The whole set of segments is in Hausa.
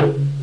Thank you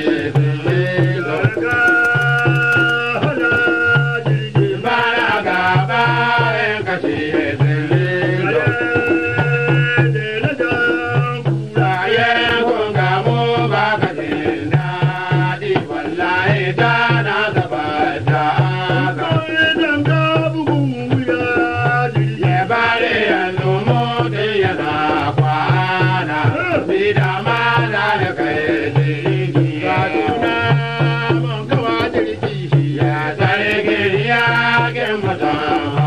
Yeah. Rama.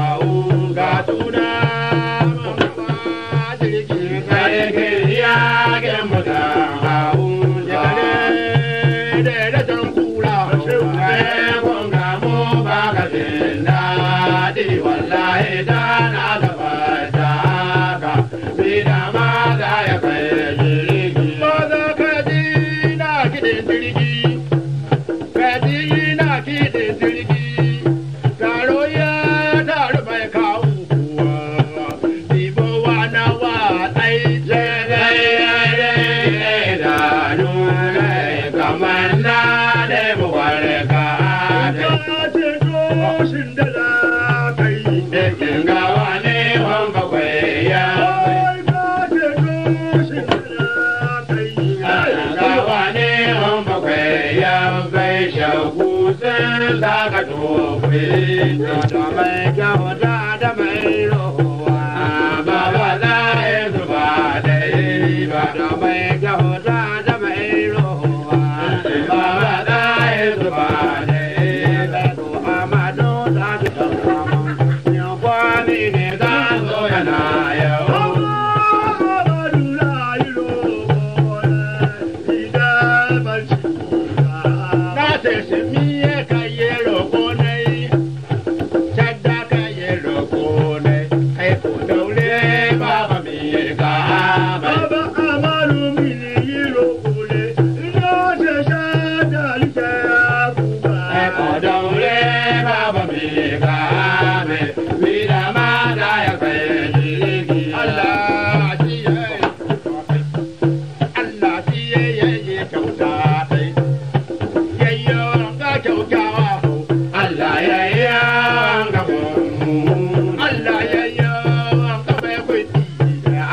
打开窗户，这门叫我家的门。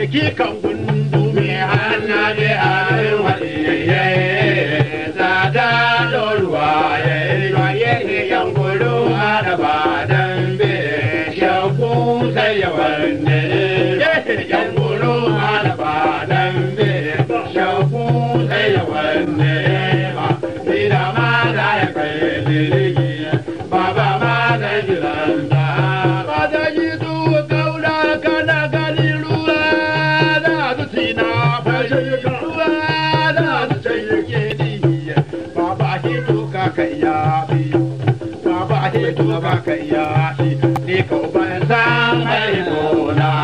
sarki kan mai hana da harin waliyayye tsada da ruwa ya yi ya ba ka iya shi ni ko ban san gona